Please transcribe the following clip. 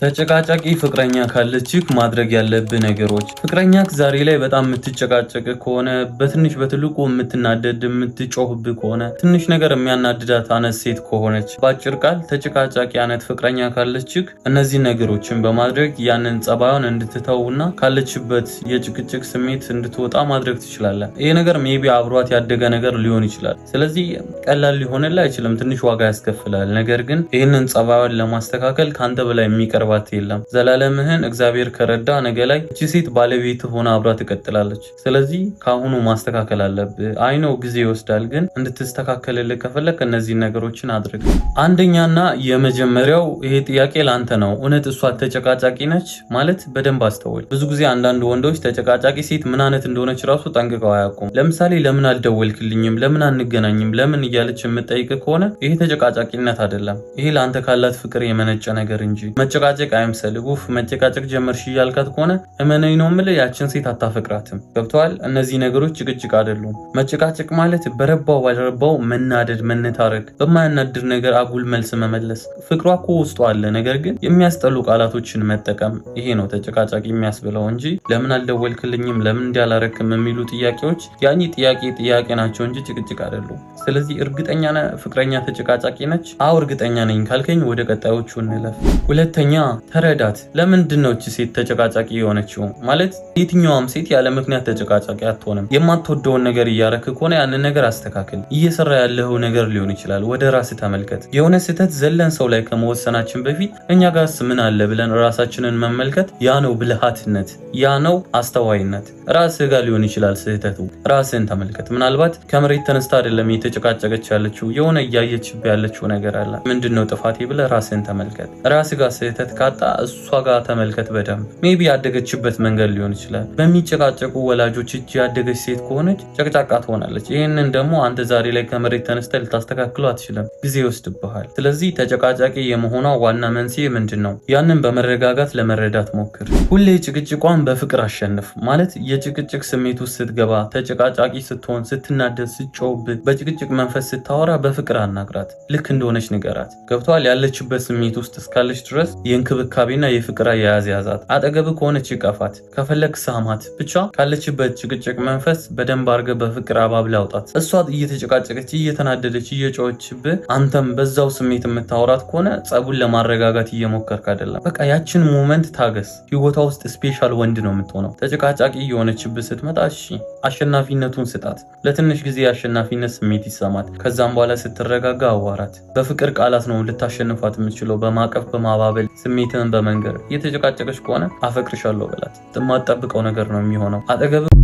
ተጨቃጫቂ ፍቅረኛ ካለችህ ማድረግ ያለብህ ነገሮች። ፍቅረኛህ ዛሬ ላይ በጣም የምትጨቃጨቅ ከሆነ በትንሽ በትልቁ የምትናደድ የምትጮህብህ ከሆነ ትንሽ ነገር የሚያናድዳት አነት ሴት ከሆነች፣ በአጭር ቃል ተጨቃጫቂ አነት ፍቅረኛ ካለችህ እነዚህ ነገሮችን በማድረግ ያንን ጸባዩን እንድትተውና ካለችበት የጭቅጭቅ ስሜት እንድትወጣ ማድረግ ትችላለህ። ይህ ነገር ሜቢ አብሯት ያደገ ነገር ሊሆን ይችላል። ስለዚህ ቀላል ሊሆንልህ አይችልም፣ ትንሽ ዋጋ ያስከፍላል። ነገር ግን ይህንን ጸባዩን ለማስተካከል ከአንተ በላይ የሚቀር የሚያቀርባት የለም። ዘላለምህን እግዚአብሔር ከረዳ ነገ ላይ እቺ ሴት ባለቤት ሆና አብራ ትቀጥላለች። ስለዚህ ከአሁኑ ማስተካከል አለብህ። አይነው ጊዜ ይወስዳል፣ ግን እንድትስተካከልልህ ከፈለግ እነዚህን ነገሮችን አድርግ። አንደኛና የመጀመሪያው ይሄ ጥያቄ ለአንተ ነው። እውነት እሷ ተጨቃጫቂ ነች ማለት በደንብ አስተውል። ብዙ ጊዜ አንዳንድ ወንዶች ተጨቃጫቂ ሴት ምን አይነት እንደሆነች ራሱ ጠንቅቀው አያውቁም። ለምሳሌ ለምን አልደወልክልኝም፣ ለምን አንገናኝም፣ ለምን እያለች የምጠይቅ ከሆነ ይሄ ተጨቃጫቂነት አይደለም። ይሄ ለአንተ ካላት ፍቅር የመነጨ ነገር እንጂ መጨቃ መጨቃጨቅ አይምሰልህ። ኡፍ መጨቃጨቅ ጀመርሽ እያልካት ከሆነ እመነኝ ነው የምልህ ያችን ሴት አታፈቅራትም። ገብተዋል። እነዚህ ነገሮች ጭቅጭቅ አይደሉም። መጨቃጨቅ ማለት በረባው ባልረባው መናደድ፣ መነታረግ፣ በማያናድር ነገር አጉል መልስ መመለስ። ፍቅሯ እኮ ውስጡ አለ፣ ነገር ግን የሚያስጠሉ ቃላቶችን መጠቀም ይሄ ነው ተጨቃጫቂ የሚያስብለው እንጂ ለምን አልደወልክልኝም፣ ለምን እንዲያላረክም የሚሉ ጥያቄዎች ያኔ ጥያቄ ጥያቄ ናቸው እንጂ ጭቅጭቅ አይደሉም። ስለዚህ እርግጠኛ ነህ ፍቅረኛ ተጨቃጫቂ ነች? አዎ እርግጠኛ ነኝ ካልከኝ ወደ ቀጣዮቹ እንለፍ። ሁለተኛ ተረዳት። ለምንድን ነው ሴት ተጨቃጫቂ የሆነችው? ማለት የትኛዋም ሴት ያለ ምክንያት ተጨቃጫቂ አትሆንም። የማትወደውን ነገር እያረክ ከሆነ ያንን ነገር አስተካክል። እየሰራ ያለው ነገር ሊሆን ይችላል። ወደ ራስ ተመልከት። የሆነ ስህተት ዘለን ሰው ላይ ከመወሰናችን በፊት እኛ ጋርስ ምን አለ ብለን ራሳችንን መመልከት፣ ያ ነው ብልሃትነት፣ ያ ነው አስተዋይነት። ራስህ ጋር ሊሆን ይችላል ስህተቱ። ራስህን ተመልከት። ምናልባት ከመሬት ተነስታ አይደለም እየተጨቃጨቀች ያለችው፣ የሆነ እያየችብ ያለችው ነገር አለ። ምንድን ነው ጥፋቴ ብለህ ራስህን ተመልከት። ራስህ ጋር ስህተት ካጣ እሷ ጋር ተመልከት በደንብ ሜቢ ያደገችበት መንገድ ሊሆን ይችላል። በሚጨቃጨቁ ወላጆች እጅ ያደገች ሴት ከሆነች ጨቅጫቃ ትሆናለች። ይህንን ደግሞ አንተ ዛሬ ላይ ከመሬት ተነስተ ልታስተካክሉ አትችልም፣ ጊዜ ይወስድብሃል። ስለዚህ ተጨቃጫቂ የመሆኗ ዋና መንስኤ ምንድን ነው? ያንን በመረጋጋት ለመረዳት ሞክር። ሁሌ ጭቅጭቋን በፍቅር አሸንፍ ማለት የጭቅጭቅ ስሜት ውስጥ ስትገባ፣ ተጨቃጫቂ ስትሆን፣ ስትናደድ፣ ስትጮውብህ፣ በጭቅጭቅ መንፈስ ስታወራ በፍቅር አናግራት። ልክ እንደሆነች ንገራት። ገብቷል? ያለችበት ስሜት ውስጥ እስካለች ድረስ ይህን እንክብካቤና የፍቅር አያያዝ ያዛት። አጠገብ ከሆነች ይቀፋት፣ ከፈለግ ሳማት። ብቻ ካለችበት ጭቅጭቅ መንፈስ በደንብ አርገ በፍቅር አባብላ አውጣት። እሷ እየተጨቃጨቀች እየተናደደች እየጮኸችብህ አንተም በዛው ስሜት የምታወራት ከሆነ ጸቡን ለማረጋጋት እየሞከርክ አይደለም። በቃ ያችን ሞመንት ታገስ። ህይወቷ ውስጥ ስፔሻል ወንድ ነው የምትሆነው። ተጨቃጫቂ የሆነችብ ስትመጣ እሺ አሸናፊነቱን ስጣት። ለትንሽ ጊዜ የአሸናፊነት ስሜት ይሰማት። ከዛም በኋላ ስትረጋጋ አዋራት። በፍቅር ቃላት ነው ልታሸንፏት የምትችለው። በማቀፍ በማባበል ስሜትህን በመንገር እየተጨቃጨቀች ከሆነ አፈቅርሻለሁ በላት። የማትጠብቀው ነገር ነው የሚሆነው አጠገብ